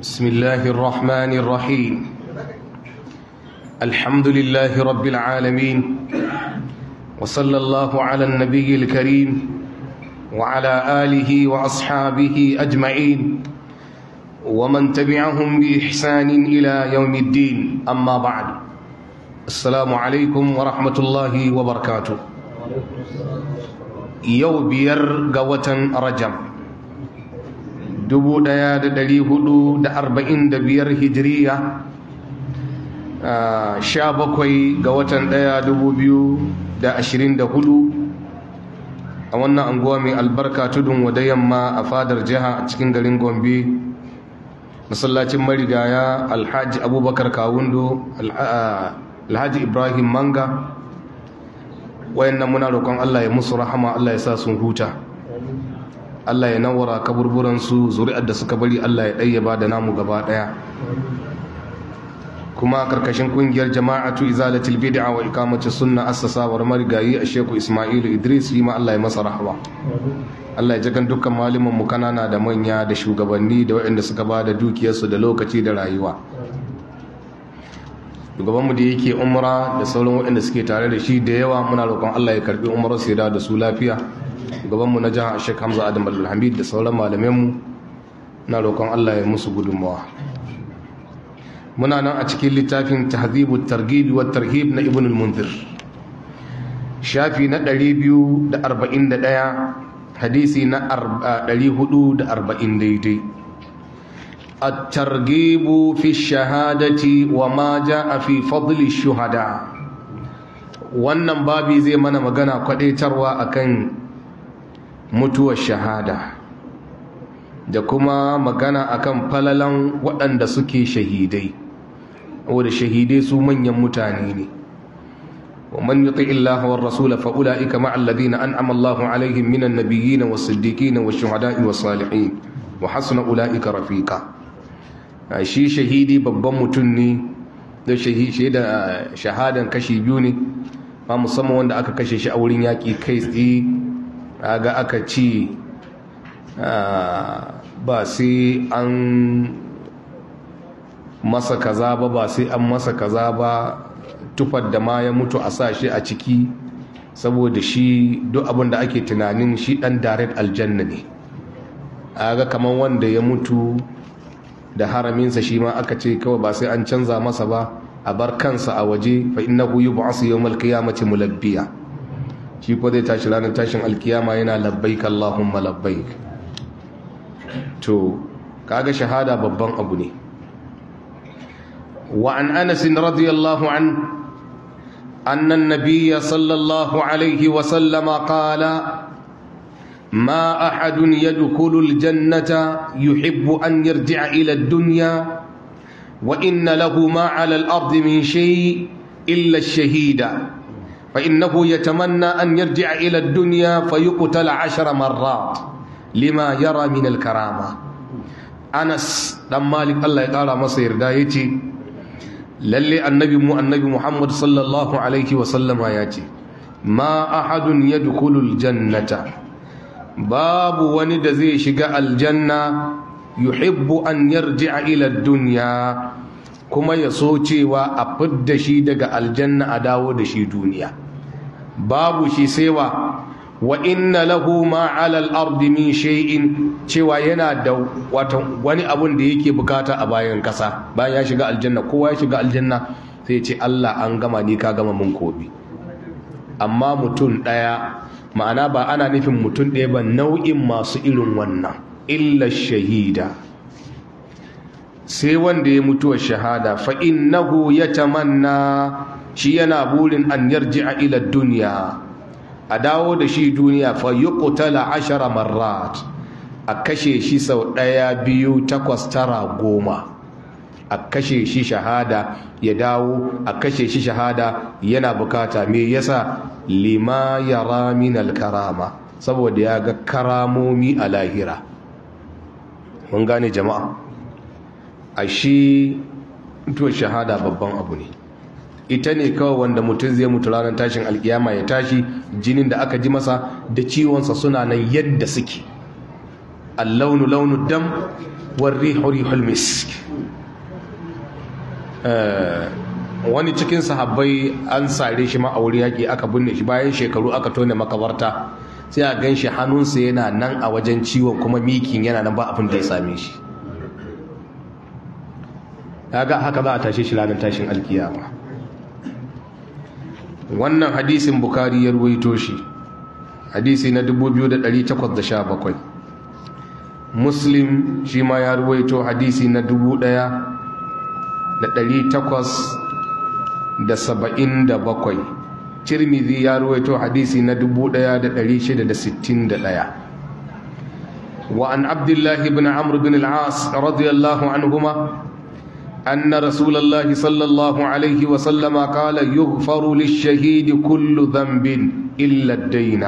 بسم الله الرحمن الرحيم الحمد لله رب العالمين وصلى الله على النبي الكريم وعلى آله وأصحابه أجمعين ومن تبعهم بإحسان إلى يوم الدين أما بعد السلام عليكم ورحمة الله وبركاته يوم بير قوة رجم biyar hijiriya sha bakwai ga watan da hudu a wannan anguwa mai albarka tudun wada yamma a fadar jiha a cikin garin gombe masallacin marigaya alhaji abubakar kawundo alhaji ibrahim manga nan muna roƙon allah ya musu rahama allah ya sa sun huta Allah ya nawara kaburburan su zuri'ar da suka bari Allah ya ɗayyaba da namu gaba ɗaya kuma karkashin kungiyar jama'atu izalatul bid'a wa mace sunna assasawar marigayi a sheku Isma'ilu Idris yi ma Allah ya masa rahama Allah ya jagan dukkan malaman mu kanana da manya da shugabanni da waɗanda suka ba da dukiyarsu da lokaci da rayuwa shugabanmu da yake umra da sauran waɗanda suke tare da shi da yawa muna roƙon Allah ya karbi umarar su da su lafiya gabanmu na jihar Sheikh Hamza Adam Al-Hamid da sauran malamanmu na roƙon Allah ya musu gudunmawa muna nan a cikin littafin Tahzibu Targhib wa Tarhib na Ibn al-Munzir shafi na 241 hadisi na 440 daidai الترغيب في الشهادة وما جاء في فضل الشهداء wannan babi zai mana magana kwadaitarwa akan mutuwar shahada da kuma magana akan falalan waɗanda suke shahidai wadda shahidai su manyan mutane ne ومن يطع الله والرسول فأولئك مع الذين أنعم الله عليهم من النبيين والصديقين والشهداء والصالحين وحسن ka. رفيقا shi shahidi babban mutum ne da shahadan kashi biyu ne ba musamman wanda aka kashe shi a wurin yaƙi kai tsaye Naga aka ci ba sai an masa kaza ba ba sai an masa kaza ba tufar da ma ya mutu a sa shi a ciki saboda shi duk abin da ake tunanin shi dan direct aljanna ne aga kamar wanda ya mutu da haraminsa shi ma aka ce kawai ba sai an canza masa ba a bar kansa a waje fa innahu yub'asu yawmal qiyamati mulabbiya shi ko zai tashi ranar tashin alkiyama yana labbaik Allahumma to kaga shahada babban abu ne wa an anasin radiyallahu an anna sallallahu Alaihi wa sallama qala ma ahadun ya al-jannata yuhibbu an yarji ila ilar dunya wa inna lahu ma 'ala al-ardi min shay'in shahida فإنه يتمنى أن يرجع إلى الدنيا فيقتل عشر مرات لما يرى من الكرامة أنس دم مالك الله يقال مصير دايتي للي النبي مو النبي محمد صلى الله عليه وسلم ياتي ما أحد يدخل الجنة باب وند زي شقاء الجنة يحب أن يرجع إلى الدنيا kuma ya so cewa a fidda shi daga aljanna a dawo da shi duniya babu shi sewa wa inna lahu ma alal ard min shay'in cewa yana da wato wani abun da yake bukata a bayan kasa bayan ya shiga aljanna kowa ya shiga aljanna sai ya ce Allah an gama ni ka gama mun kobi amma mutum daya ma'ana ba ana nufin mutum daya ba nau'in masu irin wannan illa shahida sai wanda ya mutuwa shahada fa innahu yatamanna shi yana burin an a ilar duniya a dawo da shi duniya fa yi kutala ashara marat a kashe shi sau ɗaya biyu takwas tara goma a kashe shi shahada ya dawo a kashe shi shahada yana bukata me yasa lima ya ramin alkarama saboda ya ga karamomi a lahira mun gane jama'a a shi to shahada babban abu ne ita ne kawai wanda mutum zai mutu ranar tashin alkiyama ya tashi jinin da aka ji masa da ciwonsa suna nan yadda suke allaunu launu dam warri hurihul hulmis eh, wani cikin sahabbai an sare shi ma'auri yaƙi aka binne shi bayan shekaru aka tone makabarta sai a gan shi hannunsa yana nan a wajen ciwon kuma mikin yana nan ba abin da ya same shi ga haka za a tashe shi ranar tashin alkiyama wannan hadisin bukari ya ruwaito shi hadisi na 2817 muslim shi ma ya ruwaito hadisi na 1877 cirmizi ya ruwaito hadisi na 1661 وعن عبد الله بن عمرو بن العاص رضي الله عنهما أن رسول الله صلى الله عليه وسلم قال يغفر للشهيد كل ذنب إلا الدين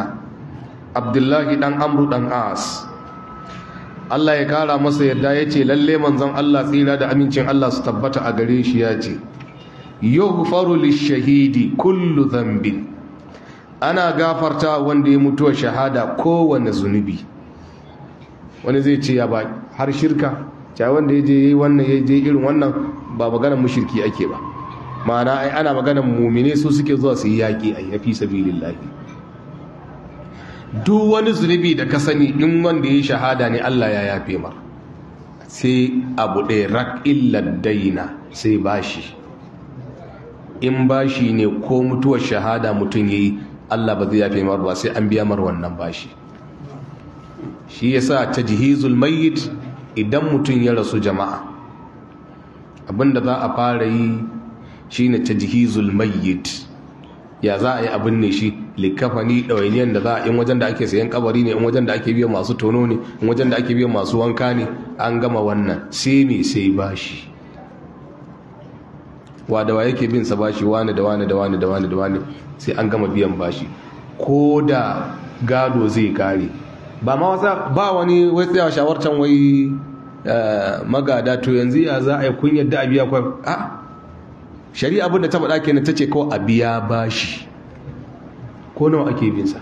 عبد الله دان أمر دان Allah ya kara masa yadda ya ce lalle manzon Allah tsira da amincin Allah su tabbata a gare shi ya ce yughfaru lishahidi kullu dhanbin ana gafarta wanda ya mutuwa shahada kowane zunubi wani zai ce ya ba har shirka cewa wanda ya je yi wannan ya je irin wannan ba maganar mushirki ake ba ma'ana ai ana maganar mumine su suke zuwa su yi yaƙi ai fi sabilillahi duk wani zunubi da ka sani in wanda ya shahada ne Allah ya yafe mar sai abu ɗaya rak illan daina sai bashi in bashi ne ko mutuwar shahada mutum ya yi Allah ba zai yafe mar ba sai an biya mar wannan bashi shi yasa tajhizul mayyit idan mutum ya rasu jama'a abinda za a fara yi shine tajhizul mayyit ya za a yi abin ne shi likafani ɗawainiyar da za a in wajen da ake sayan kabari ne in wajen da ake biyan masu tono ne in wajen da ake biyan masu wanka ne an gama wannan sai me sai bashi wa da wa yake bin sa bashi wani da wani da wani da wani da wani sai an gama biyan bashi ko da gado zai kare ba ma wasa ba wani wai tsayawa shawartan wai eh, magada to yanzu ya za a yi kun yadda a biya kwa a shari'a abin da ta faɗa kenan ta ce ko a biya bashi ko nawa ake bin sa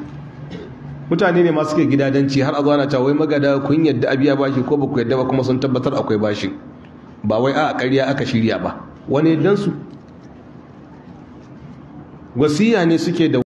mutane ne masu ke gidadanci har a zuwa na wai magada kun yadda a biya bashi ko ba ku yadda ba kuma sun tabbatar akwai bashi ba wai a ƙarya aka shirya ba wani dan su wasiya ne suke da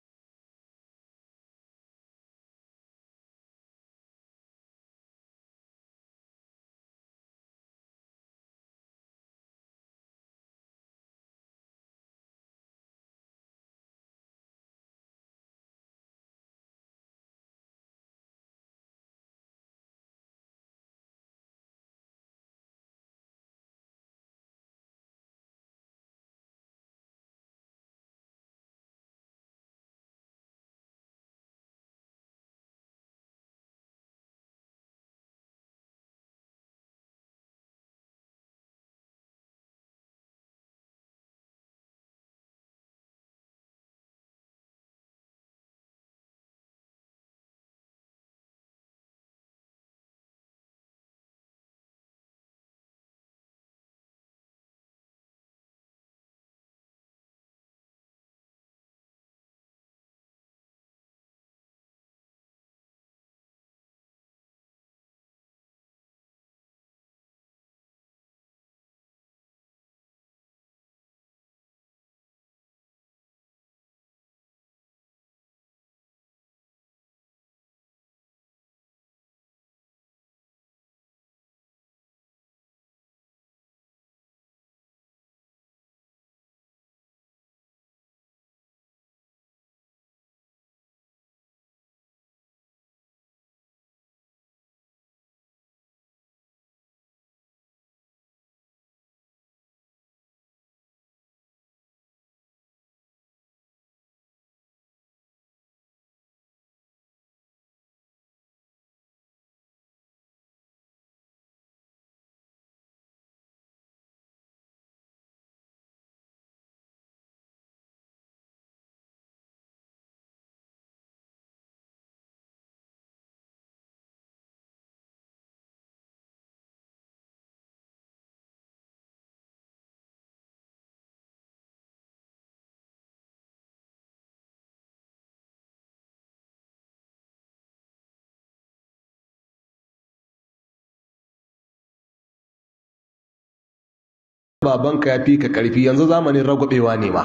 babanka ya fi ka karfi yanzu zamanin ragwabewa ne ma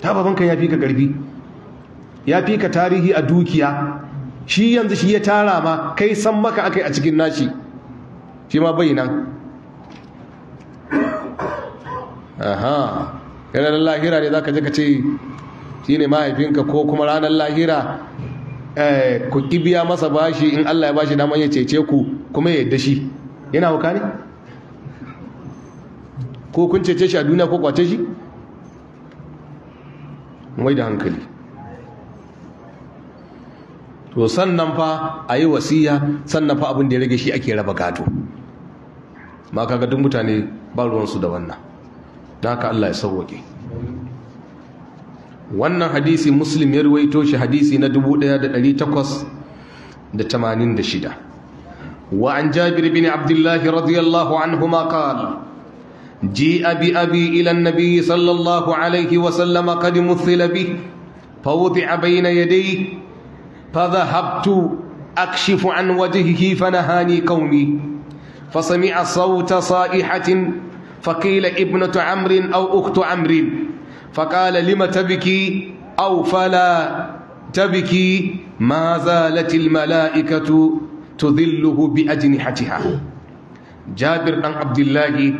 ta babanka ya fi ka karfi ya fi ka tarihi a dukiya shi yanzu shi ya tara ma kai san maka akai a cikin nashi shi ma bai nan aha ranar lahira ne za ka je ka ce shi ne mahaifinka ko kuma ranar lahira eh, ku kibiya masa bashi in allah ya bashi daman ya cece ku kuma ya yadda shi yana wuka ne ko kun cece shi a duniya ko kwace shi mai da hankali to sannan fa a yi wasiya sannan fa abin da ya rage shi ake raba gado ma kaga duk mutane ba ruwansu da wannan ta haka Allah ya sauwake wannan hadisi muslim ya ruwaito shi hadisi na 1886 wa an jabir bin abdullahi radiyallahu an huma qala جيء بأبي إلى النبي صلى الله عليه وسلم قد مثل به فوضع بين يديه فذهبت أكشف عن وجهه فنهاني قومي فسمع صوت صائحة فقيل ابنة عمرو أو أخت عمرو فقال لم تبكي أو فلا تبكي ما زالت الملائكة تذله بأجنحتها جابر بن عبد الله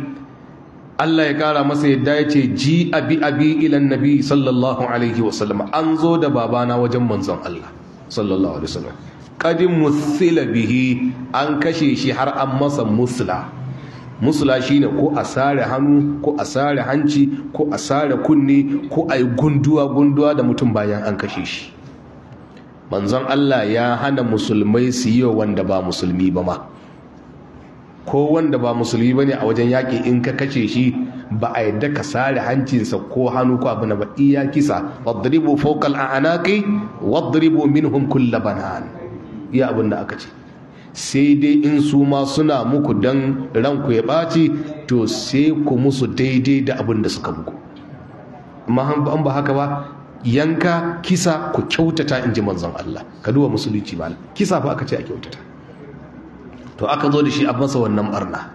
Allah ya kara masa yadda ya ce ji abi abi ilan nabi sallallahu alaihi wasallam an zo da babana wajen manzon Allah sallallahu alaihi wasallam kadin musila bihi an kashe shi har an masa musla musla shine ko a sare hannu ko a sare hanci ko a sare kunne ko a yi gunduwa gunduwa da mutum bayan an kashe shi manzon Allah ya hana musulmai su yi wanda ba musulmi ba ma ko wanda ba musulmi bane a wajen yaƙi in ka kace shi ba a yadda ka sare hancinsa ko hannu ko abu na ba iya kisa wadribu fawqal a'naqi wadribu minhum kull banan iya abin da aka ce sai dai in su ma suna muku dan ranku ya ɓaci to sai ku musu daidai da abin da suka muku amma an ba haka ba yanka kisa ku kyautata in ji manzon Allah ka duba musulunci ba kisa fa aka ce a kyautata to aka zo da shi a masa wannan barna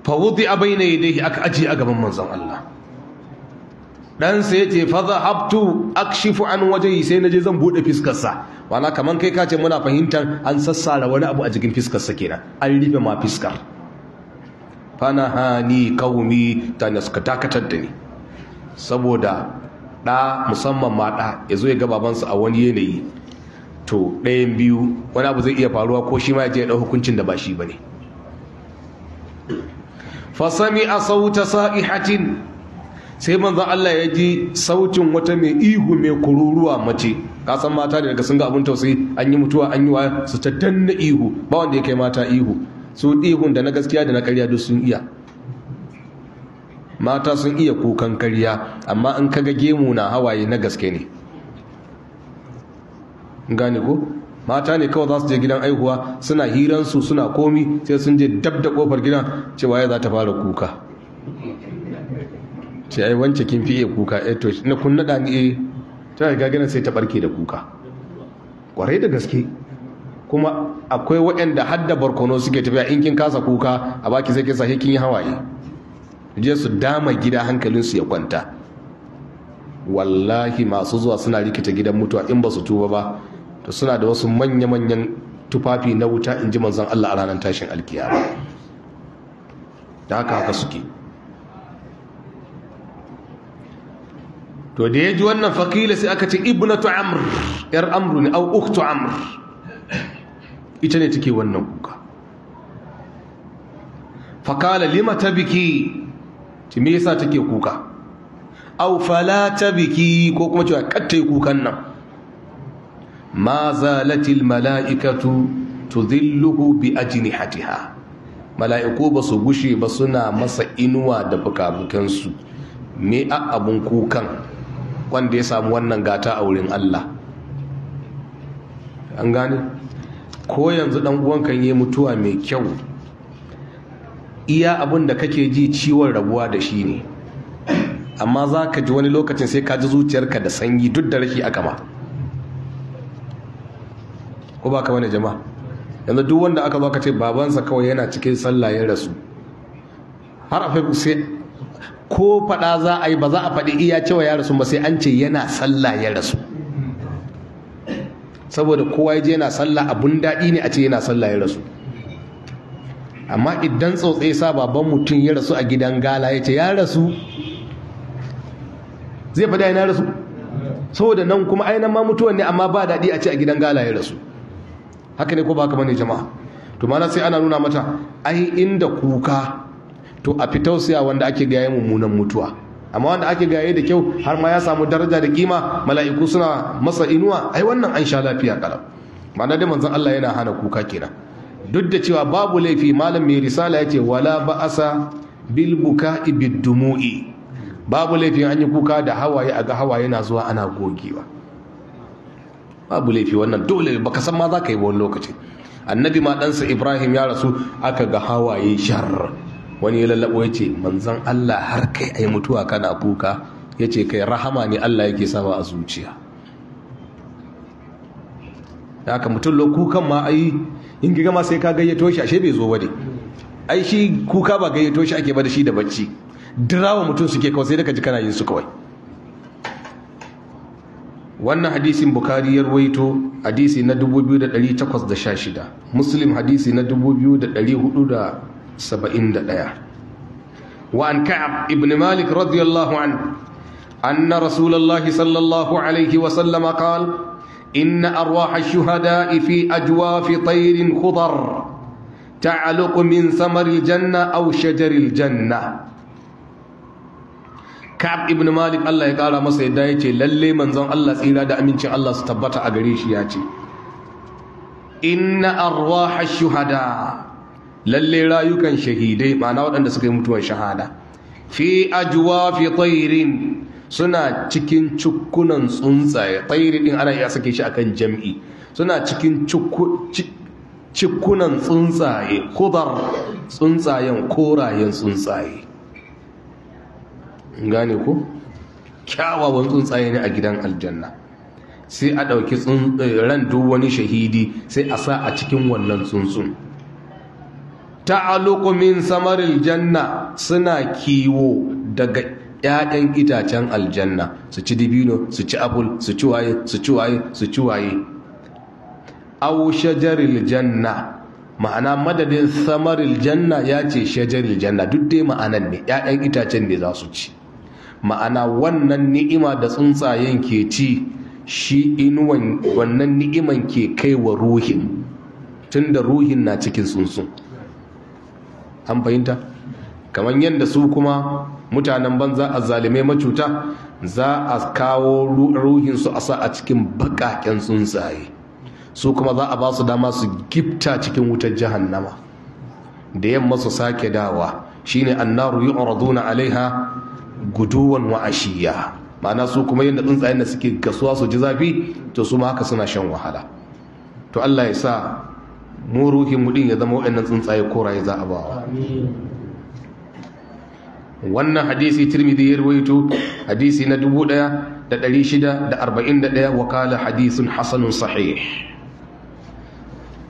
fawudi a bayyana yadda aka ajiye a gaban manzon Allah ɗansa ya ce faza haftu akshifu an waje sai na je zan buɗe fiskarsa wana kamar kai kace muna fahimtar an sassara wani abu a jikin fiskarsa kenan an rufe ma fiskar fana hani kawumi ta naska dakatar da ni saboda ɗa musamman ma ɗa ya zo ya ga babansa a wani yanayi to ɗayan biyu wani abu zai iya faruwa ko shi ma ya je ya hukuncin da ba shi ba ne fasami a sauta sa'ihatin sai manza Allah ya ji sautin wata mai ihu mai kururuwa mace kasan mata ne daga sun ga abin tausayi an yi mutuwa an yi wa su ta danna ihu ba wanda ya kai mata ihu su ihun da na gaskiya da na karya duk sun iya mata sun iya kukan karya amma in kaga gemu na hawaye na gaske ne gane ko mata ne kawai za su je gidan aihuwa suna hiransu suna komi sai sun je dab da kofar gidan cewa ya za ta fara kuka ce ai wance kin fi iya kuka eh to na kun nada ni eh. ta ga gidan sai ta barke da kuka kwarai da gaske kuma akwai waɗanda da barkono suke tafiya in kin kasa kuka a baki sai kin sa kin yi hawaye je su dama gida hankalinsu ya kwanta wallahi masu zuwa suna rikita gidan mutuwa in ba su tuba ba da suna da wasu manya-manyan tufafi na wuta in ji manzan Allah a ranar tashin alkiyama da haka haka suke to da ya ji wannan fakila sai aka ce ibnatu amr yar amru ne au uk amr ita ne take wannan kuka fakala lima ta biki ci me yasa take kuka au fala ta biki ko kuma cewa yi kukan nan ma zalatil mala'ikatu tudhilluhu bi ha. mala'iku ba su gushe ba suna masa inuwa da bukabukansu me a abun kukan wanda ya samu wannan gata a wurin Allah an gane ko yanzu dan uwankan kan yi mutuwa mai kyau iya abun da kake ji ciwon rabuwa da shi ne amma za ka ji wani lokacin sai ka ji zuciyarka da sanyi duk da rashi aka ma ko ba ka bane jama'a yanzu duk wanda aka zo ka ce babansa kawai yana cikin sallah ya rasu har a sai ko faɗa za a yi ba za a faɗi iya cewa ya rasu ba sai an ce yana sallah ya rasu saboda kowa ya je yana sallah abun daɗi ne a ce yana sallah ya rasu amma idan tsotsai sa baban mutum ya rasu a gidan gala ya ce ya rasu zai faɗi yana rasu saboda nan kuma ainihin ma mutuwan ne amma ba daɗi a ce a gidan gala ya rasu haka ne ko ba haka bane jama'a to mana sai ana nuna mata ai inda kuka to a fi wanda ake gaye mummunan mutuwa amma wanda ake gaye da kyau har ma ya samu daraja da kima mala'iku suna masa inuwa ai wannan an sha lafiya kalam ma'ana da manzon Allah yana hana kuka kenan duk da cewa babu laifi malam mai risala yace wala ba'asa bil buka'i bid dumu'i babu laifin an yi kuka da hawaye a ga hawaye na zuwa ana gogewa babu laifi wannan dole ka san ma za ka yi wani lokaci annabi ma ɗansa ibrahim ya rasu aka ga hawaye shar wani ya lallaɓo ya ce manzan allah har kai a yi mutuwa kana kuka ya ce kai rahama ne allah yake sama a zuciya Ya ka mutum lo kukan ma in giga ma sai ka gayyato shi ashe bai zo ba ai shi kuka ba gayyato shi ake ba da shi da bacci dirawa mutum suke kawai sai daga ji kana yin su kawai wannan hadisin bukari ya rawaito hadisi na 2816 muslim hadisi na 2471 wa an ka'ab ibn malik radiyallahu an anna rasulullahi sallallahu alaihi wa sallam qala inna arwaha ash-shuhada'i fi ajwafi tayrin khudar ta'aluqu min samari al-janna aw shajari janna kab ibn malik Allah ya kara masa yadda ya ce lalle manzon Allah tsira da amincin Allah su tabbata a gare shi ya ce inna arwaha shuhada lalle rayukan shahidai ma'ana waɗanda suka yi mutuwar shahada fi ajwa fi suna cikin cukkunan tsuntsaye tsairi din ana iya sake shi a kan jam'i suna cikin cikunan tsuntsaye kubar tsuntsayen korayen tsuntsaye gane ko kyawawan tsuntsaye ne a gidan aljanna sai a ɗauki eh, ran duk wani shahidi sai a sa a cikin wannan tsuntsun ta'aluqu min samaril janna suna kiwo daga 'ya'yan itacen aljanna su ci dibino su ci abul su ci waye su ci waye su ci waye shajaril janna ma'ana madadin samaril janna ya ce shajaril janna duk dai ma'anan ne 'ya'yan itacen ne za su ci ma'ana wannan ni'ima da tsuntsayen ke ci shi inuwan wannan ni'iman ke kai wa ruhin tunda ruhin na cikin tsuntsun an fahimta kamar yadda su kuma mutanen banza a zalimai macuta za a kawo ruhinsu a sa a cikin baƙaƙen tsuntsaye su kuma za a ba su dama su gifta cikin wutar jahannama da yamma su sake dawa shine annaru yu'raduna alaiha guduwan wa'ashiya ma'ana su kuma yadda tsuntsayen da suke gasuwa su ji zafi to su ma haka suna shan wahala to Allah ya sa mu ruhin din ya zama waɗannan tsuntsaye koraye za a bawa wannan hadisi tirmidhi ya rawaito hadisi na 1641 wa qala hadisun hasanun sahih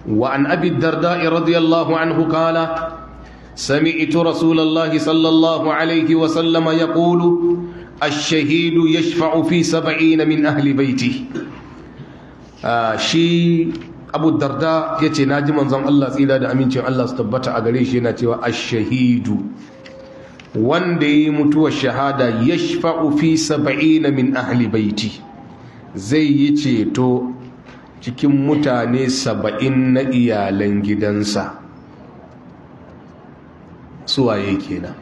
وعن أبي الدرداء رضي الله عنه قال سمعت رسول الله صلى الله عليه وسلم يقول الشهيد يشفع في سبعين من أهل بيته آه شي أبو الدرداء يتي ناجي منظم الله سيدا دا أمين الله ستبتع أغريش يناتي الشهيد wanda ya mutuwar shahada ya fi saba'ina min ahli baiti zai yi ceto cikin mutane saba'in na iyalan gidansa suwaye kenan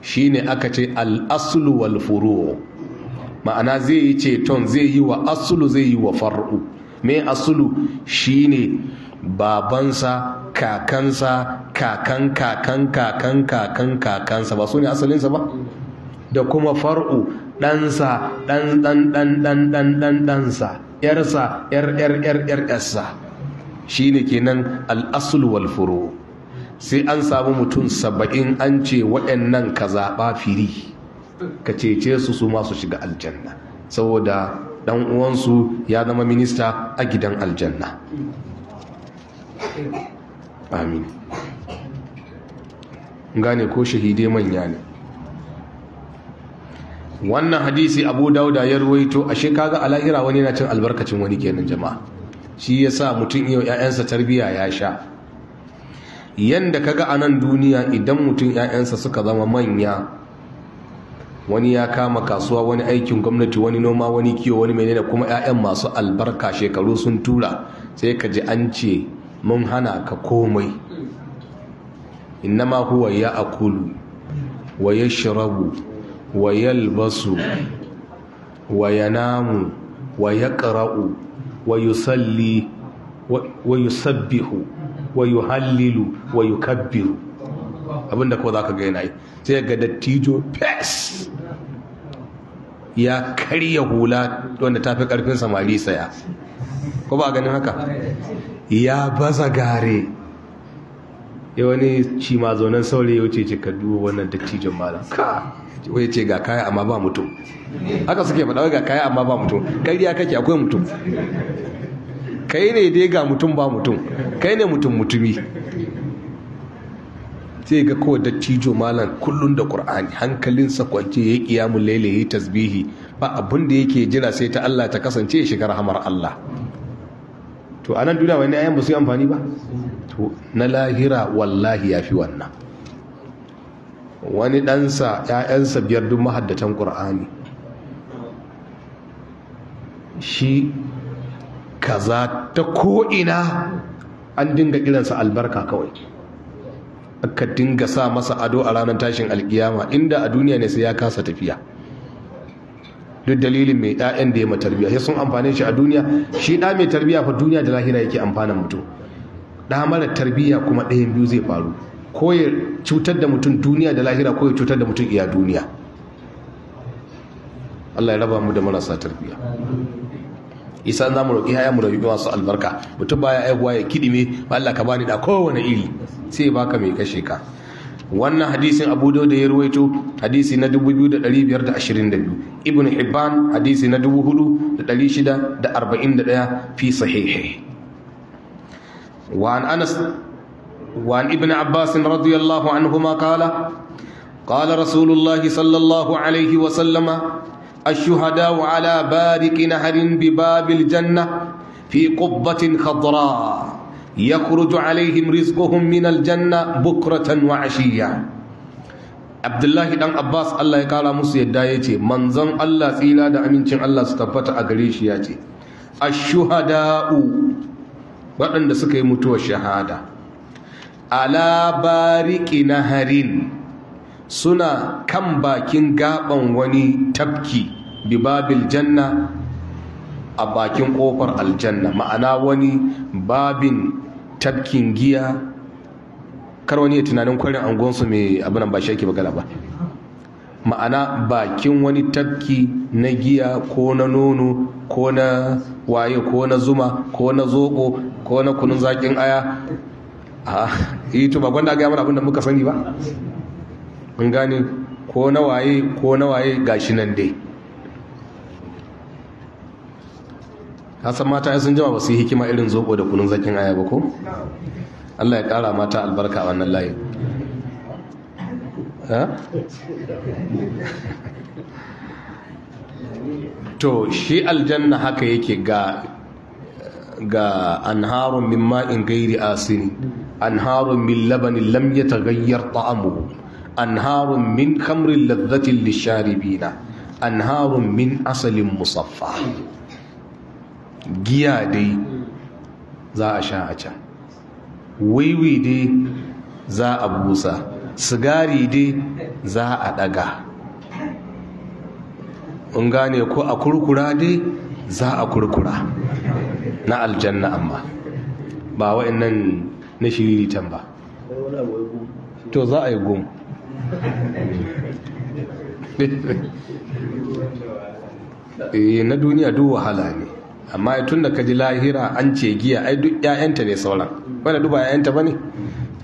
shine aka ce al'asulu wal furu ma'ana zai yi ceton zai yi wa asulu zai yi wa far'u Mai asulu shine babansa kakansa kakan kakan kakan kakan kakansa ba su ne asalinsa ba da kuma far'u ɗansa ɗan ɗan ɗan ɗan ɗan ɗan ɗansa ‘yarsa ‘yar ‘yar ‘yarsa shi ne kenan al'asulu wal furu sai an samu mutum saba'in an ce waɗannan ka zaɓa firi ka cece su su masu shiga aljanna saboda ɗan uwansu ya zama minista a gidan aljanna amin gane ko shahidai manya ne wannan hadisi abu dauda ya ruwaito a shekaga alahira wani na cin albarkacin wani kenan jama'a shi ya sa mutum yau 'ya'yansa tarbiyya ya sha yanda ka ga anan duniya idan mutum 'ya'yansa suka zama manya wani ya kama kasuwa wani aikin gwamnati wani noma wani kiwo wani menene kuma 'ya'yan masu albarka shekaru sun tura sai ka ji an ce mun hana ka komai innama huwa ya akulu wa ya shirabu wa yalbasu wa yanamu wa ya Karau? wa yusalli wa yusabbihu wa hallilu, wa kabbiru. abinda ko za ka gaina yi sai ga dattijo fes ya karya hula wanda ta fi karfin samari saya ko ba ganin haka ya baza gare ya wani shi ma zaunan saurayi ya wuce ce ka duba wannan dattijon malam ka wai ce ga kaya amma ba mutum haka suke faɗa ga kaya amma ba mutum kariya kake akwai mutum kai ne dai ga mutum ba mutum kai ne mutum mutumi sai ga kawai dattijo malam kullum da qur'ani hankalinsa kwance ya kiyamu laila ya tasbihi ba abin da yake jira sai ta Allah ta kasance ya shiga rahamar Allah to anan duniya wani ayan ba su yi amfani ba to na lahira wallahi ya fi wannan wani ɗansa ‘ya'yansa biyar duk mahaddatan ƙur'ani shi kaza ta ko'ina an dinga kiransa albarka kawai aka dinga sa masa ado a ranar tashin alkiyama inda a duniya ne sai ya kasa tafiya duk dalilin mai ɗayan da ya ma ya sun amfani shi a duniya shi ɗa mai tarbiya fa duniya da lahira yake amfanin mutum ɗa mara tarbiya kuma ɗayan biyu zai faru ko ya cutar da mutum duniya da lahira ko ya cutar da mutum iya duniya Allah ya raba mu da marasa tarbiya isa za mu roƙi haya mu masu albarka mutum baya aihuwa ya ba Allah ka bani da kowane iri sai baka mai kashe ka wannan hadisin abu da ya ruwaito hadisi na 2522 ibn hibban hadisi na 4641 fi sahihi وعن أنس وعن ابن عباس رضي الله عنهما قال قال رسول الله صلى الله عليه وسلم الشهداء على بارك نهر بباب الجنة في قبة خضراء يخرج عليهم رزقهم من الجنة بكرة وعشية abdullahi dan abbas allah ya kara musu yadda ya ce manzon allah tsira da amincin allah su tabbata a gare shi ya ce ashuhada'u waɗanda suka yi mutuwar shahada ala bariki harin. suna kan bakin gaban wani tafki babil janna a bakin kofar aljanna ma'ana wani babin tafkin giya kar wani ya tunanin kwarin angonsu mai abinan ba shi ake magana ba ma'ana bakin wani tafki na giya ko na nono ko na waye ko na zuma ko na zoko ko na kunun zakin aya a ah, yi eh to ba gwanda ga yaman abin da muka sani ba an gane ko na waye ko na waye gashi nan dai hasan mata ya sun jama ba su yi hikima irin zoko da kunun zakin aya ba ko allah ya kara mata albarka a wannan layi to shi aljanna haka yake ga ga anharun min ma'in gairi asini anharun min labanin lam ta gayyar ta'amuhu anharun min khamrin ladhatin lisharibina anharun min asalin musaffa giya dai za a sha a can wiwi dai za a busa sigari dai za a daga in gane ko a kurkura dai za a kurkura na aljanna amma ba wa'annan na shiriritan ba to za a yi goma Eh, na duniya duk wahala ne amma tun da ka ji lahira an ce giya ai duk ƴaƴanta ne sauran wanda duk ba ƴaƴanta ba ne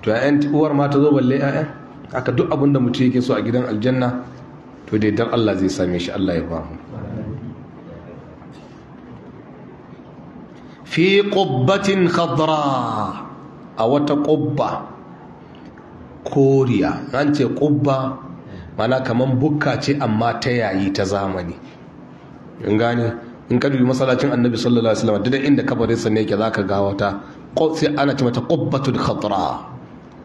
to ƴaƴan uwar ma ta zo balle ƴaƴan aka duk abin da mutum yake so a gidan aljanna to dai, dan Allah zai same shi Allah ya ba mu fi qubbatin khadra a wata qubba koriya an ce kubba mana kamar bukka ce amma ta yayi ta zamani in gane in ka dubi masallacin annabi sallallahu alaihi wasallam duk inda kabarinsa ne yake zaka ga wata sai ana ce mata qubbatul khatra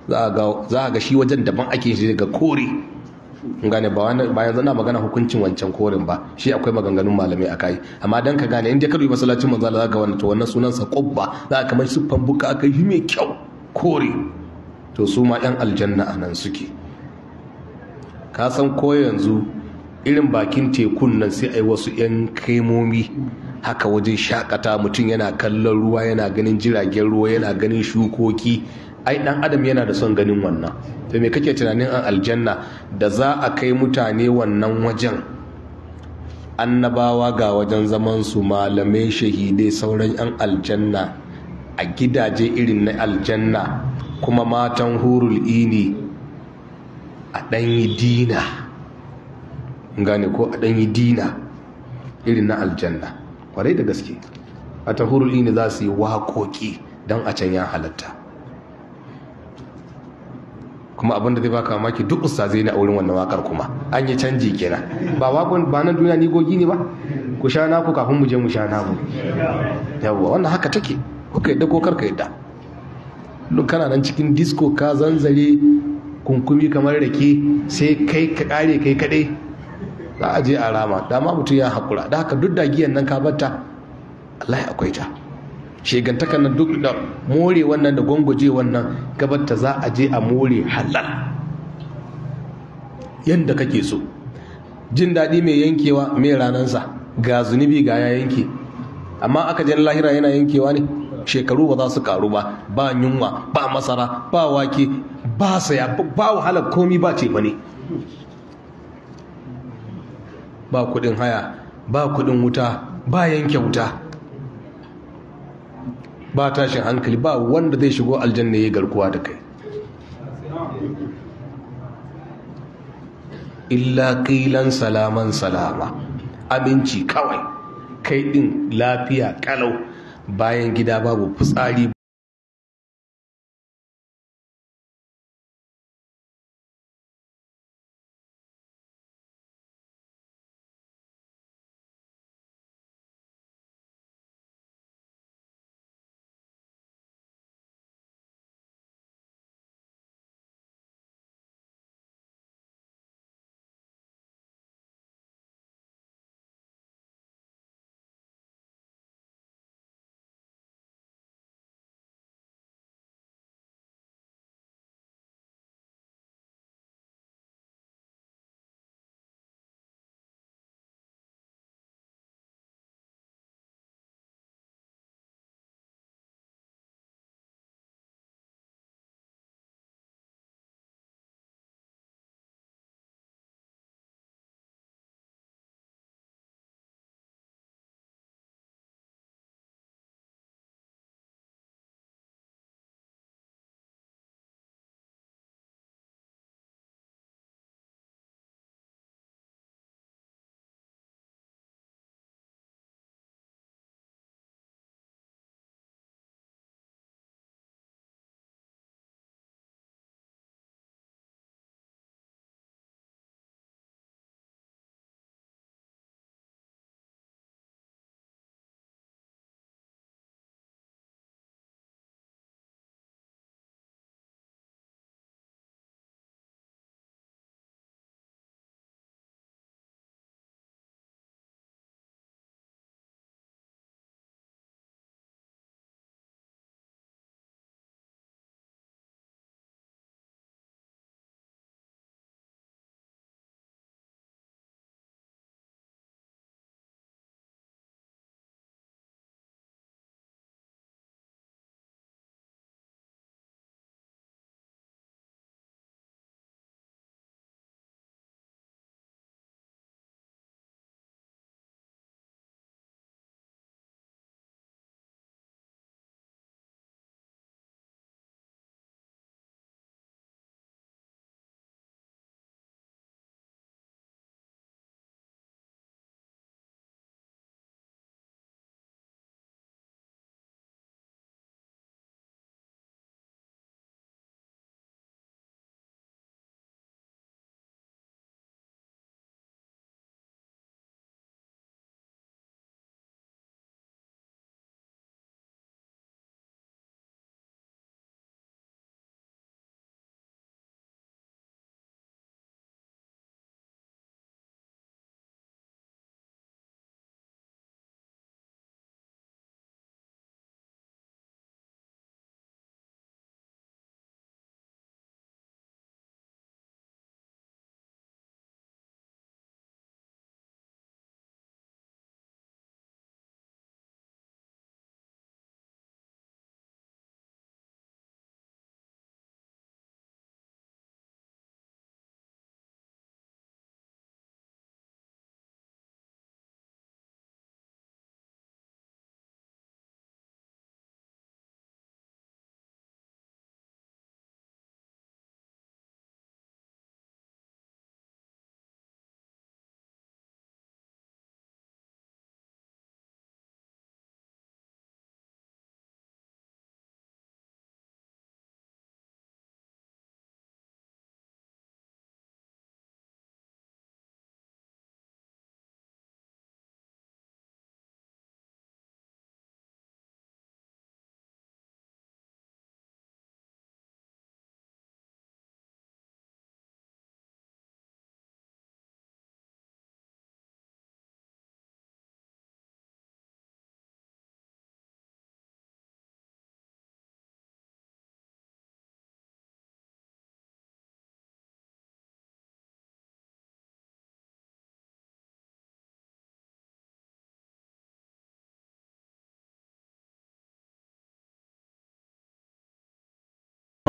za a ga shi wajen daban ake shi daga kore gane ba yanzu na magana hukuncin wancan korin ba shi akwai maganganun malamai a kai amma dan ka gane inda ka dubi masallacin manzo Allah zaka wannan to wannan sunan sa qubba za ka kamar siffan buka aka yi mai kyau kore to su ma 'yan aljanna a nan suke ka san ko yanzu irin bakin tekun nan sai a yi wasu 'yan kaimomi haka wajen shakata mutum yana kallon ruwa yana ganin jiragen ruwa yana ganin shukoki ai dan adam yana da son ganin wannan to me kake tunanin an aljanna da za a kai mutane wannan wajen annabawa ga wajen zaman su malamai shahidai sauran yan aljanna a gidaje irin na aljanna kuma matan hurul ini a ɗanyi dina gane ko a ɗanyi dina irin na aljanna kwarai da gaske a ta hurul ini za su yi waƙoƙi don a can ya halatta kuma abinda zai baka mamaki duk ustazai ne a wurin wannan wakar kuma an yi canji kira ba wakon ba nan duniya ni gogi ne ba ku sha naku kafin mu je mu sha naku yawwa wannan haka take kuka yadda ko karka yadda kana nan cikin disco ka zanzare kunkumi kamar rake sai kai ka kare kai kadai za a je a rama dama mutum ya hakura da haka duk da giyan nan ka batta Allah ya akwai ta shegantakan nan duk da more wannan da gwangwaje wannan gabatta za a je a more halal yadda kake so jin daɗi mai yankewa mai ranansa ga zunubi ga ya yanke amma aka jan lahira yana yankewa ne shekaru ba za su karu ba ba yunwa ba masara ba wake ba saya ba wahalar komi ba ce bane ba kudin haya ba kudin wuta ba yanke wuta ba tashin hankali ba wanda zai shigo aljanna ya garkuwa da kai illa kilan salaman salama aminci kawai kai ɗin lafiya kalau bayan gida babu fitsari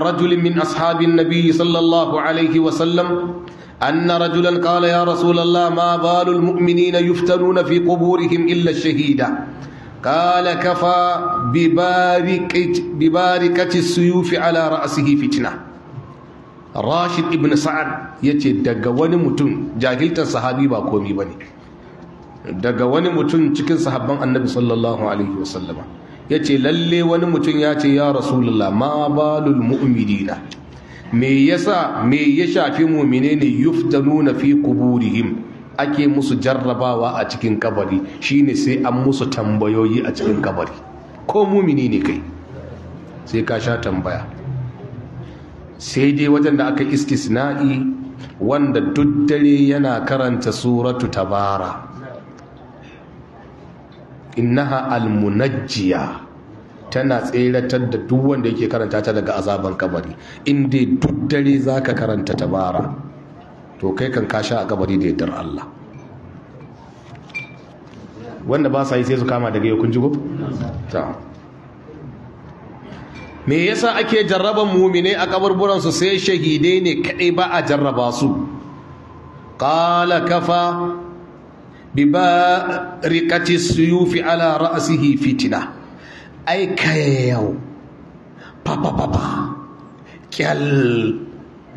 رجل من أصحاب النبي صلى الله عليه وسلم أن رجلا قال يا رسول الله ما بال المؤمنين يفتنون في قبورهم إلا الشهيدة قال كفى بباركة, بباركة السيوف على رأسه فتنة راشد ابن سعد يتي دقا وني متون جاهلتا صحابي با كومي بني دقا وني متون cikin sahabban annabi sallallahu alaihi wasallama ya ce lalle wani mutum ya ce ya rasulullah ma balul mu'minina me yasa me ya shafi mu'mine ne yuftanuna fi kuburihim ake musu jarrabawa a cikin kabari shine sai an musu tambayoyi a cikin kabari ko mumini ne kai sai ka sha tambaya sai dai wajen da aka istisna'i wanda duk dare yana karanta suratu tabara innaha almunajjiya tana tseratar da duk wanda yake karanta ta daga azaban kabari inda duk dare za ka karanta ta bara, to kai kan kasha a kabari da yadda Allah wanda ba sa yi sai su kama daga yau kun ta me yasa ake jarraban mumine a kaburburansu sai shahidai ne kaɗai ba a jarraba su ƙala kafa biba riƙati suyufi ala ra'asihi fitina ai yau papapapa kyal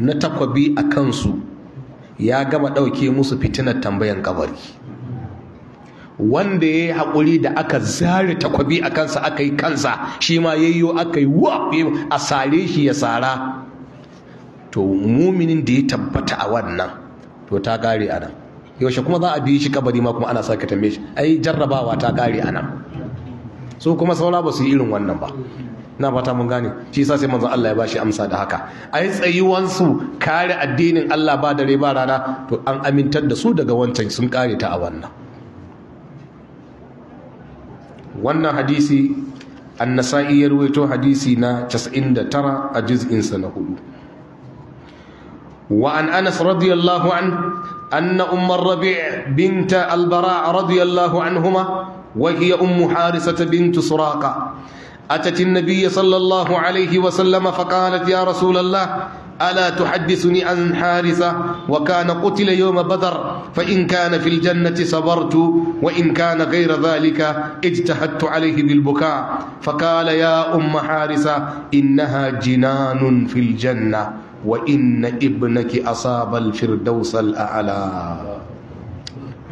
na takwabi a kansu ya gama ɗauke musu fitinar tambayan kabari wanda ya yi haƙuri da aka zare takwabi a kansa aka yi kansa shi ma yayyo aka yi wa a sare shi ya sara to muminin da ya tabbata a wannan to ta gare a nan yaushe kuma za a bi shi kabari ma kuma ana sa ka tambaye shi ai jarrabawa ta kare anan Su kuma saura ba su yi irin wannan ba na fata mun gane shi yasa sai manzon Allah ya bashi amsa da haka ai tsayuwan su kare addinin Allah ba dare ba rana to an amintar da su daga wancan sun kare ta a wannan wannan hadisi an-nasa'i ya ruwaito hadisi na 99 a juz'in sa na hudu وعن أنس رضي الله عنه أن أم الربيع بنت البراء رضي الله عنهما وهي أم حارسة بنت سراقة أتت النبي صلى الله عليه وسلم فقالت يا رسول الله ألا تحدثني عن حارثة وكان قتل يوم بدر فإن كان في الجنة صبرت وإن كان غير ذلك اجتهدت عليه بالبكاء فقال يا أم حارثة إنها جنان في الجنة wa inna ibnaki asabal firdausal a'la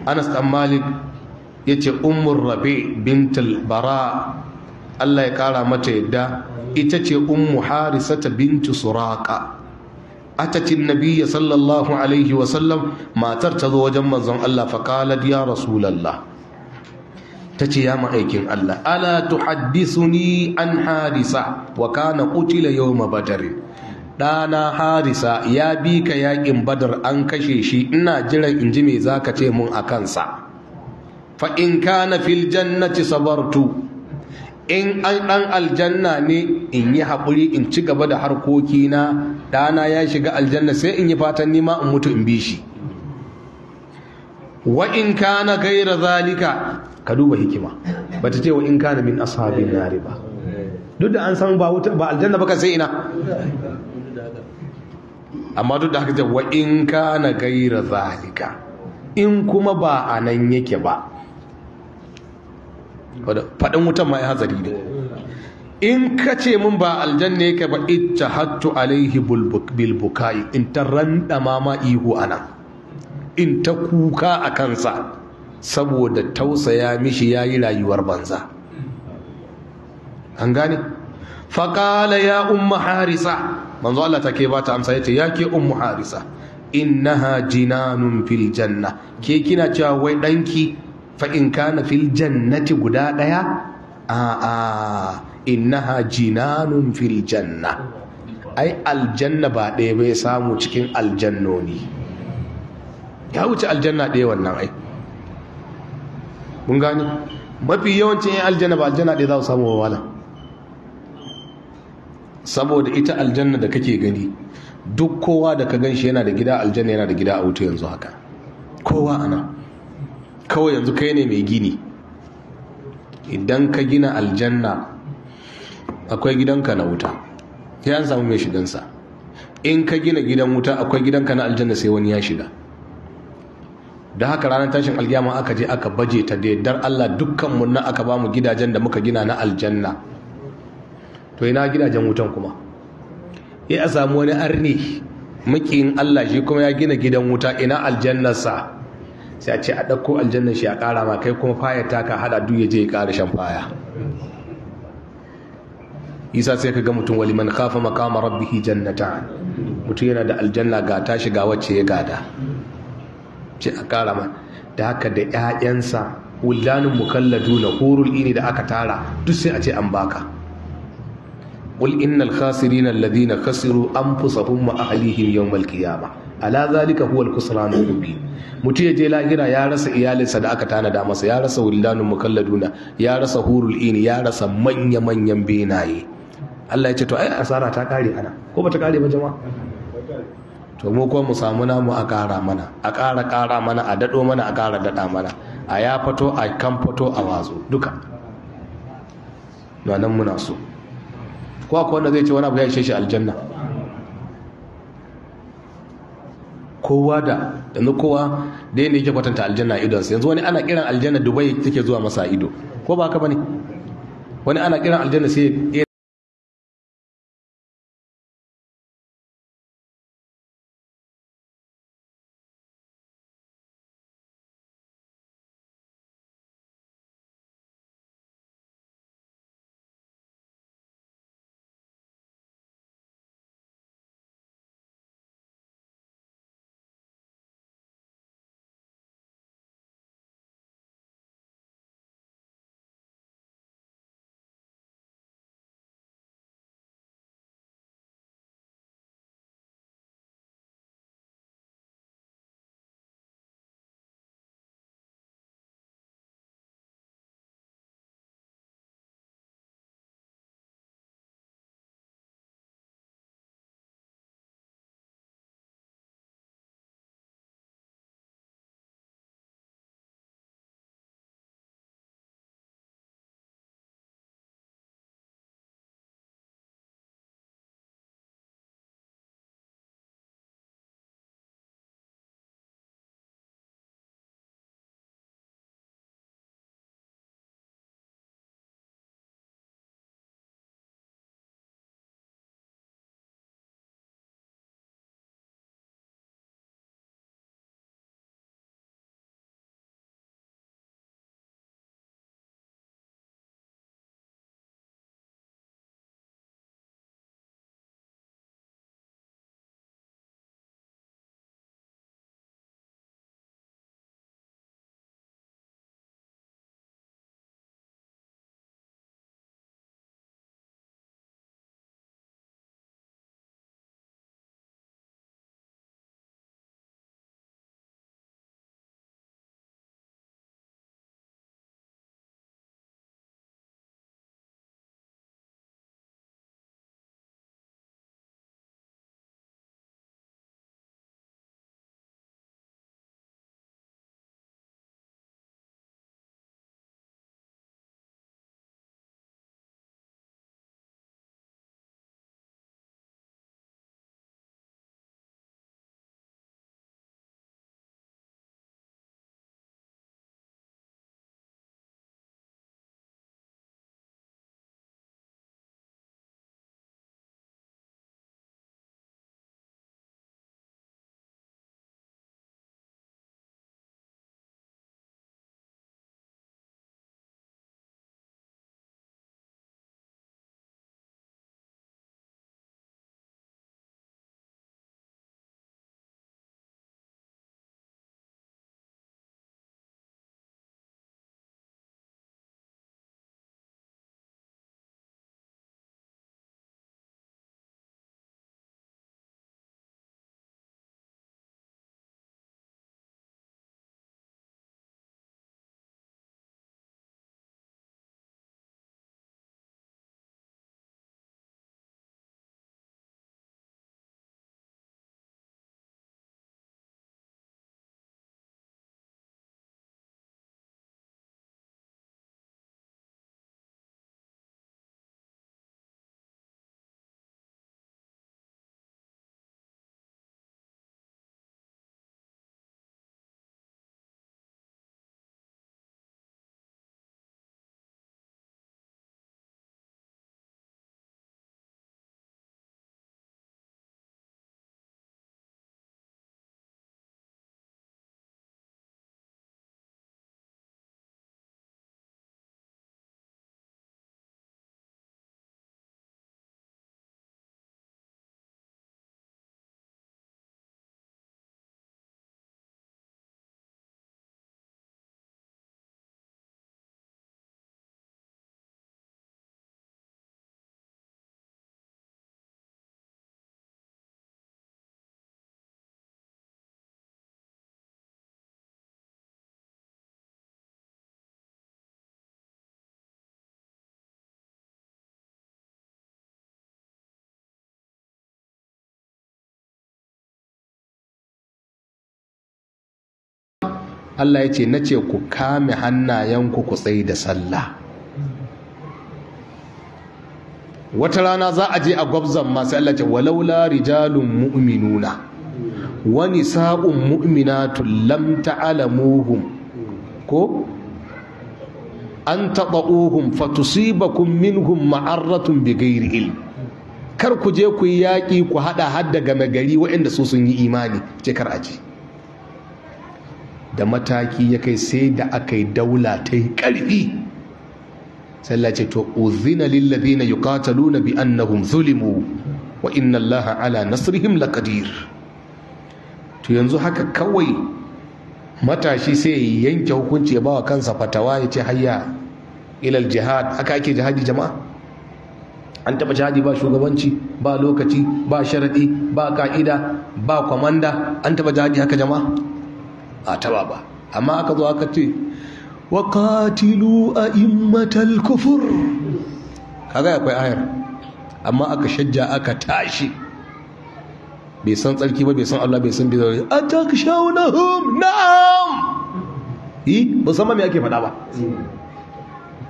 Anas dan Malik yace ummur rabi bintul bara Allah ya ƙara mata yadda ita ce ummu harisata bintu suraka atacin nabiyya sallallahu alaihi wa sallam matar ta zo wajen manzon Allah fa qalat ya rasulullah tace ya ma'aikin Allah ala ni an harisa wa kana qutila yawm badr ɗana harisa ya bi ka yaƙin badar an kashe shi ina jiran in ji me za ka ce mun a kansa fa in kana fil jannati sabartu in an ɗan aljanna ne in yi haƙuri in ci gaba da harkokina ɗana ya shiga aljanna sai in yi fatan nima in mutu in bi shi wa in kana gaira zalika ka duba hikima ba ta ce wa in kana min ashabin nari ba duk da an san ba aljanna ba ka sai ina amma duk da haka wa in kana gaira zalika in kuma ba a nan yake ba faɗin wutan ma ya hazari ne in ka ce min ba aljanna yake ba ita hattu alaihi bilbukai in ta randa ma ihu ana in ta kuka a kansa saboda tausaya mishi ya yi rayuwar banza an gane faƙala ya umma harisa manzo Allah take ba ta amsa yace yake ummu harisa innaha jinanun fil janna ke kina cewa wai danki fa in kana fil jannati guda daya a a innaha jinanun fil janna ai aljanna ba ɗaya bai samu cikin aljannoni ya wuce aljanna ɗaya wannan ai mun gani mafi yawancin yin aljanna ba aljanna ɗaya za su samu wala. saboda ita aljanna da kake gani duk kowa da ka ganshi yana da gida aljanna yana da gida a wuta yanzu haka kowa ana kawai yanzu kai ne mai gini idan ka gina aljanna akwai gidanka na wuta ya samu mai shigansa in ka gina gidan wuta akwai gidanka na aljanna sai wani ya shiga da haka ranar tashin alkiyama aka je aka baje ta daidar Allah dukkanmu na aka bamu gidajen da muka gina na aljanna to ina gidajen wutan kuma ya a samu wani arni makin Allah shi kuma ya gina gidan wuta ina aljannarsa sai a ce a ɗauko aljannar shi a ƙara ma kai kuma faya ta ka haɗa duk ya je ya ƙara shan faya isa sai ka ga mutum wali man kafa makama rabbihi jannata mutum yana da aljanna ga ta shiga wacce ya gada ce a ƙara ma da haka da 'ya'yansa wullanin mukalladu na horul ini da aka tara duk sai a ce an baka qul innal khasirina alladhina khasiru anfusahum wa ahlihim yawm alqiyamah ala zalika huwa alkhusran almubin mutu ya je lahira ya rasa iyalinsa da aka tanada masa ya rasa wildanun mukalladuna ya rasa hurul ya rasa manya manyan benaye Allah ya ce to ai asara ta kare ana ko bata kare ba jama'a to mu ko mu samu namu a kara mana a kara kara mana a dado mana a kara dada mana a ya fato a kan fato a wazo duka nan muna so ko akwai wanda zai ce wani abu ya ishe shi aljanna kowa da yanzu kowa da yadda yake kwatanta aljanna idonsa yanzu wani ana kiran aljanna dubai take zuwa masa ido ko ba haka bane wani ana kiran aljanna sai Allah ya ce na ce ku kame hannayenku ku tsaye da sallah wata rana za a je a gwabzan masu Allah ce walaula rijalun mu'minuna wani sa'un mu'minatun lam ta'alamuhum ko an taɓa'uhum fatusibakum minhum ma'arratun bi il kar ku je ku yi yaƙi ku haɗa hadda game gari waɗanda su sun yi imani ce kar a je da mataki ya kai sai da aka yi daula ta yi ƙarfi sallace to uzina lillazina na bi annahum zulimu wa inna allaha ala nasrihim laqadir to yanzu haka kawai matashi sai yanke hukunci ya bawa kansa fatawa ya ce hayya ilal jihad haka ake jihadi jama'a an taɓa jihadi ba shugabanci ba lokaci ba sharaɗi ba ka'ida ba kwamanda an taɓa jihadi haka jama'a a taba ba amma aka zo aka ce wa a immatal kufur kaga akwai ayar amma aka shajja aka tashi bai san tsarki ba bai san Allah bai san bizar atakshawnahum na'am yi musamman me ake faɗa ba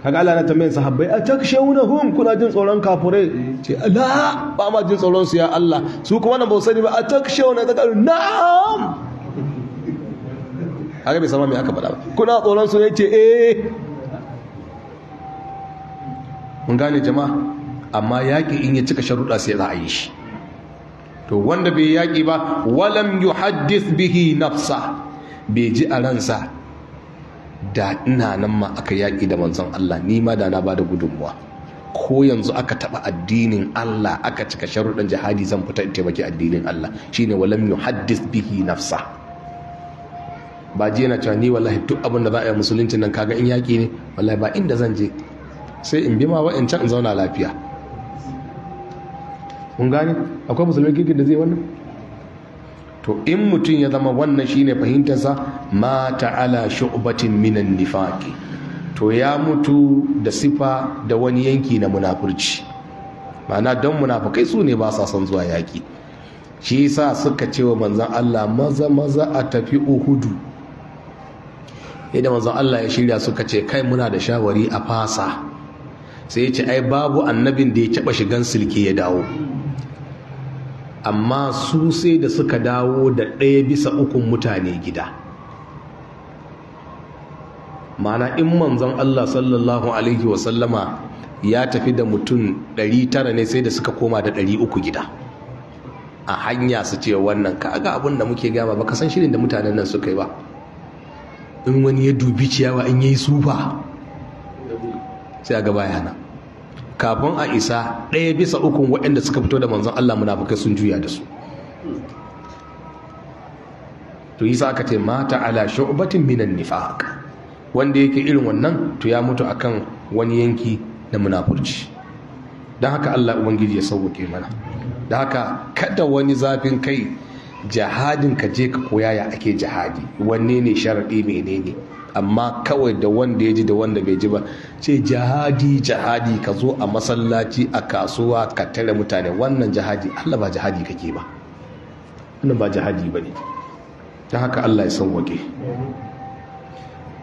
kaga Allah na tambayin sahabbai atakshawnahum kuna jin tsoron kafure. ce la ba ma jin tsoron su ya Allah su kuma nan ba sani ba atakshawna da na'am haka bai sama mai aka faɗa ba kuna tsoron su ce eh mun gane jama'a amma yaƙi in ya cika sharuɗa sai za a yi shi to wanda bai yaƙi ba walam haddis bihi nafsa bai ji a ransa da ina nan ma aka yaƙi da manzon Allah ni ma da na ba da gudunmuwa ko yanzu aka taɓa addinin Allah aka cika sharuɗan jihadi zan fita in taimaki addinin Allah shine walam haddis bihi nafsa ba ji na cani wala wallahi duk da za a yi musulunci nan kaga in yaƙi ne wallahi ba inda zan je sai in bi ma wa in zauna lafiya kun gane akwai musulmi girgin da zai wannan to in mutum ya zama wannan shine fahimtarsa ma ta'ala shu'batin minan nifaqi to ya mutu da sifa da wani yanki na munafurci ma'ana don munafukai su ne ba sa son zuwa yaki shi yasa suka ce wa manzon Allah maza maza a tafi uhudu yadda manzon Allah ya shirya suka ce kai muna da shawari a fasa sai ya ce ai babu annabin da ya taɓa shigan silki ya dawo amma su sai da suka dawo da ɗaya bisa ukun mutane gida mana in manzon Allah sallallahu alaihi wasallama ya tafi da mutum ɗari tara ne sai da suka koma da ɗari uku gida a hanya su ce wannan ka ga abin da muke gama ba ka san shirin da mutanen nan suka yi ba in wani ya dubi ciyawa in yayi sufa sai a ga bayana. kafin a isa ɗaya bisa ukun waɗanda suka fito da manzon Allah munafukai sun juya da su to yi aka ce mata ala shu'batin minan nifaq wanda yake irin wannan to ya mutu akan wani yanki na munafurci don haka Allah ubangiji ya sauke mana da haka kada wani zafin kai jihadin ka je ka koya ya ake jihadi wanne ne sharaɗi menene amma kawai da wanda ya ji da wanda bai ji ba ce jihadi jihadi ka zo a masallaci a kasuwa ka tare mutane wannan jihadi Allah ba jihadi kake ba wannan ba jihadi ba ne ta haka Allah ya san waƙe.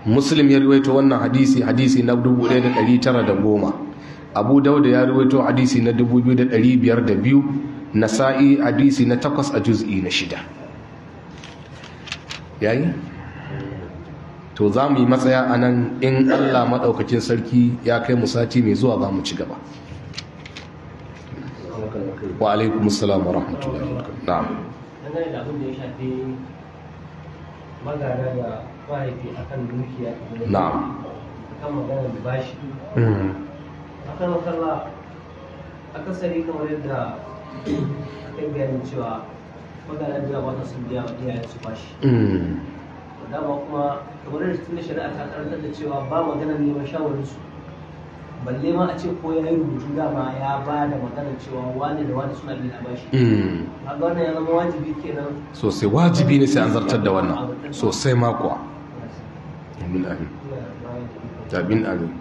Muslim ya riwaito wannan hadisi hadisi na 1910 Abu dauda ya riwaito hadisi na 2502 nasa'i hadisi na takwas a juz'i na shida yayi to za mu yi matsaya a nan in allah maɗaukacin sarki ya kai mu sati mai zuwa za mu ci gaba wa alaikum salam rahmatullahi Na. na'am da abin da ya magana da mahaifi akan dukiya na'am akan magana da bashi mm. akan wakalla akasari kamar yadda akan ganin cewa maganar biya ba ta sun biya wa iyayen su bashi mm. dama kuma kamar da tun da shari'a ta karantar da cewa ba maganar neman shawarin su balle ma a ce ko ya yi rubutu dama ya ba da maganar cewa wani da wani suna bin a bashi mm. a ga wannan ya zama wajibi kenan sosai wajibi ne sai an zartar da wannan sosai ma kuwa amin amin amin amin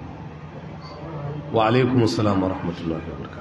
wa alaikum assalam wa rahmatullahi wa barakatuh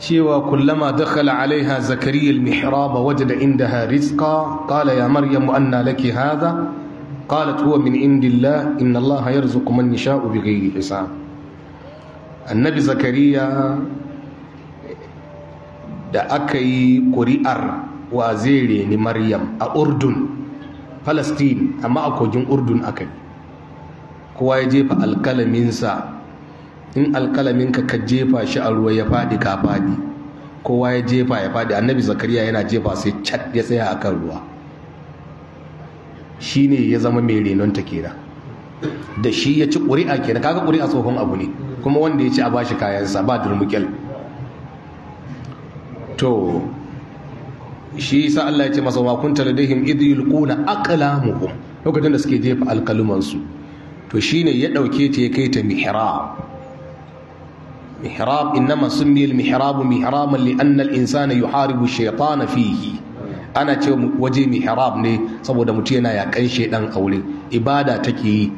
cewa kullama dakhala alaiha zakariya almihrab wajada indaha rizqa qala ya maryam anna laki hadha qalat huwa min indillah inna allaha yarzuqu man yasha'u bighayri hisab annabi zakariya da aka yi ƙuri'ar wa zai maryam a urdun palestine amma a kogin urdun aka yi kowa ya jefa alkalaminsa in alkalaminka ka jefa shi a ruwa ya faɗi ka faɗi kowa ya jefa ya faɗi annabi zakariya yana jefa sai cat ya tsaya a kan ruwa shi ne ya zama mai renon ta kera da shi ya ci ƙuri'a kenan kaga ƙuri'a tsohon abu ne kuma wanda ya ci a bashi kayansa ba durmukel to shi sa Allah ya ce masa ma kunta ladaihim idh yulquna aqlamuhum lokacin da suke jefa alkalumansu to shine ya dauke ta ya kai ta mihrab mihrab innama sunni al-mihrab mihraban li anna al-insana yuharibu shaytana fihi ana cewa waje mihrab ne saboda mutum yana yakan shaidan a wurin ibada take yi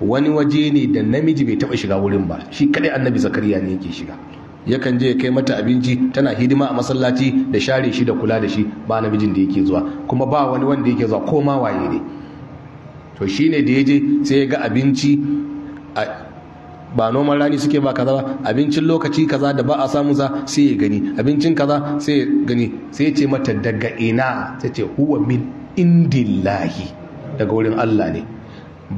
wani waje ne da namiji bai taba shiga wurin ba shi kadai annabi zakariya ne yake shiga yakan je ya kai mata abinci tana hidima a masallaci da share shi da kula da shi ba namijin da yake zuwa kuma ba wani wanda yake zuwa ko ma waye ne to shine da ya je sai ya ga abinci a. ba noman rani suke ba kaza ba abincin lokaci kaza da ba a samu sa sai ya gani abincin kaza sai ya gani sai ya ce mata daga ina ta ce huwa min indillahi daga wurin Allah ne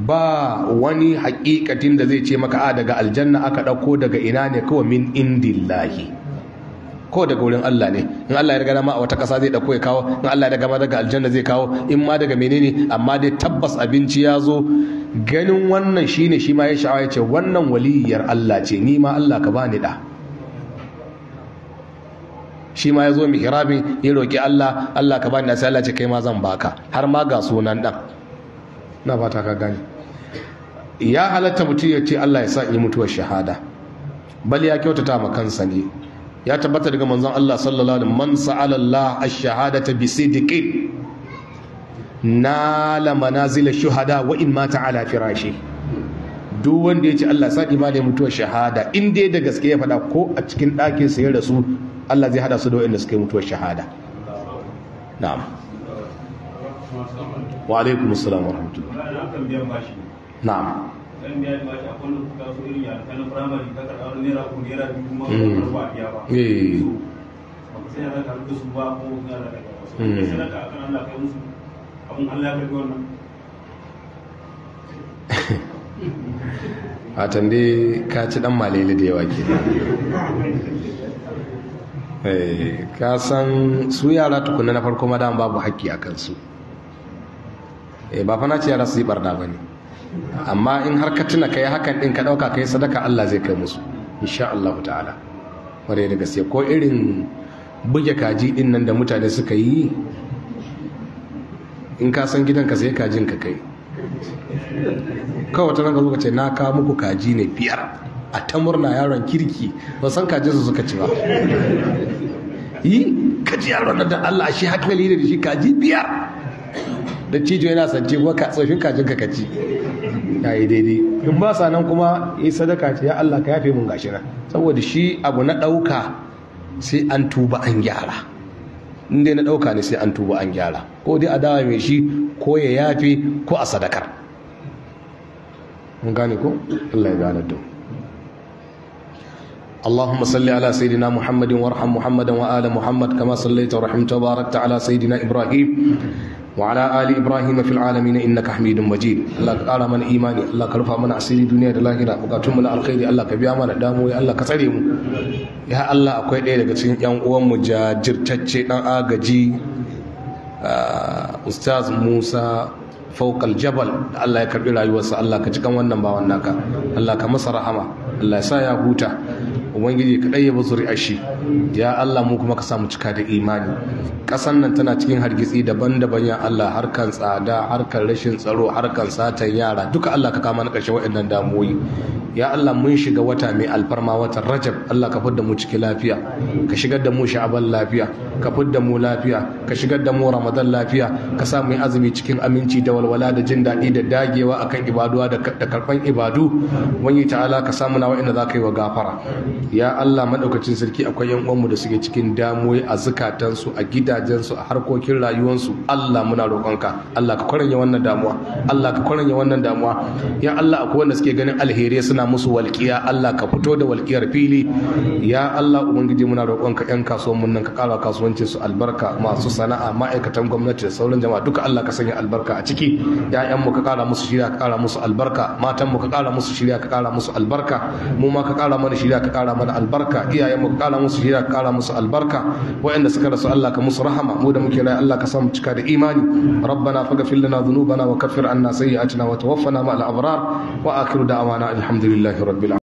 ba wani hakikatin da zai ce maka a daga aljanna aka dauko daga ina ne kawai min indillahi ko daga wurin Allah ne in Allah ya riga ma a wata ƙasa zai dauko ya kawo in Allah ya riga daga aljanna zai kawo in ma daga menene amma dai tabbas abinci ya zo ganin wannan shine shi ma ya sha'awa ya ce wannan waliyyar Allah ce ni ma Allah ka bani da shi ma ya zo mihrabin ya roƙi Allah Allah ka bani da sai Allah ce kai ma zan baka har ma ga sunan dan na fata ka gani ya halatta mutum ya ce Allah ya sa in yi mutuwar shahada bal ya kyautata ma kansa ne ya tabbata daga manzon Allah sallallahu alaihi man sa'ala Allah ash-shahadata bi sidqin Na nala manazil shuhada wa in mata ala firashi duk wanda ya ce Allah saki ba da mutuwar shahada in dai da gaske ya faɗa ko a cikin ɗakin sayar da su Allah zai hada su da wanda suka yi mutuwar shahada na'am wa alaikum assalam wa rahmatullahi na'am Mm. in ka ci dan malele da yawa ke eh, ka san su yara tukuna na farko madan babu haƙƙi a kansu eh, ba fa na ce yara su yi barna ba ne amma in har ka tuna kai hakan ɗin ka ɗauka ka yi sadaka Allah zai kai musu insha Allah ta'ala kwarai da gaske ko irin buge kaji ɗin nan da mutane suka yi in ka san gidanka sai kajin ka kai kawai ta ranka zuka ce na ka muku kaji ne biyar a ta murna yaron kirki ba san kajin su suka ci ba yi kaji yaron da Allah shi hankali da shi kaji biyar da cijo yana sance kuma ka tsofi kajin ka kaci ya yi daidai in ba sa nan kuma yi sadaka ce ya Allah ka yafe mun gashi nan saboda shi abu na ɗauka sai an tuba an gyara in dai na ɗauka ne sai an tuba an gyara ko dai a dawa mai shi ko ya yafe ko a sadakar mun gane ko Allah ya gane da اللهم صل على سيدنا محمد وارحم محمدا وآل محمد كما صليت ورحمت وباركت على سيدنا إبراهيم wa'ala ali ibrahim fil alamin innaka hamidun majid allah ka kara mana imani allah ka rufa mana asiri duniya da lahira bukatun mu na alkhairi allah ka biya mana damu ya allah ka tsare mu ya allah akwai ɗaya daga cikin yan uwan mu jajirtacce dan agaji ustaz musa fawqal jabal allah ya karbi rayuwarsa allah ka ji kan wannan bawan naka allah ka masa rahama allah ya sa ya huta ubangiji kadai ya bazuri ashi ya Allah mu kuma ka samu cika da imani kasan nan tana cikin hargitsi daban-daban ya Allah harkan tsada harkan rashin tsaro harkan satan yara duka Allah ka kama na karshe waɗannan damuwoyi ya Allah mun shiga wata mai alfarma watan Rajab Allah ka fudda mu ciki lafiya ka shigar da mu sha'aban lafiya ka fudda mu lafiya ka shigar da mu Ramadan lafiya ka sa mu azumi cikin aminci da walwala da jin daɗi da dagewa akan ibaduwa da karɓan ibadu wani ta'ala ka samu na wa'inda za ka yi wa gafara ya Allah maɗaukacin sarki akwai yan uwanmu da suke cikin damuwa a zukatansu a gidajensu a harkokin rayuwansu Allah muna roƙonka Allah ka kwaranya wannan damuwa Allah ka kwaranya wannan damuwa ya Allah akwai wanda suke ganin alheri suna musu walƙiya Allah ka fito da walƙiyar fili ya Allah ubangiji muna roƙonka yan kasuwan mun nan ka ƙara kasuwancin su albarka masu sana'a ma'aikatan gwamnati da sauran jama'a duka Allah ka sanya albarka a ciki ya'yan mu ka ƙara musu shirya ka ƙara musu albarka matan mu ka ƙara musu shirya ka ƙara musu albarka mu ma ka ƙara mana shirya ka ƙara mana albarka iyayen mu kara musu hira kara musu albarka waɗanda suka rasu Allah ka musu rahama mu da muke rai Allah ka samu cika da imani rabbana faghfir lana dhunubana wa kaffir anna sayyi'atina wa tawaffana ma'al abrar wa akhiru da'wana alhamdulillahi rabbil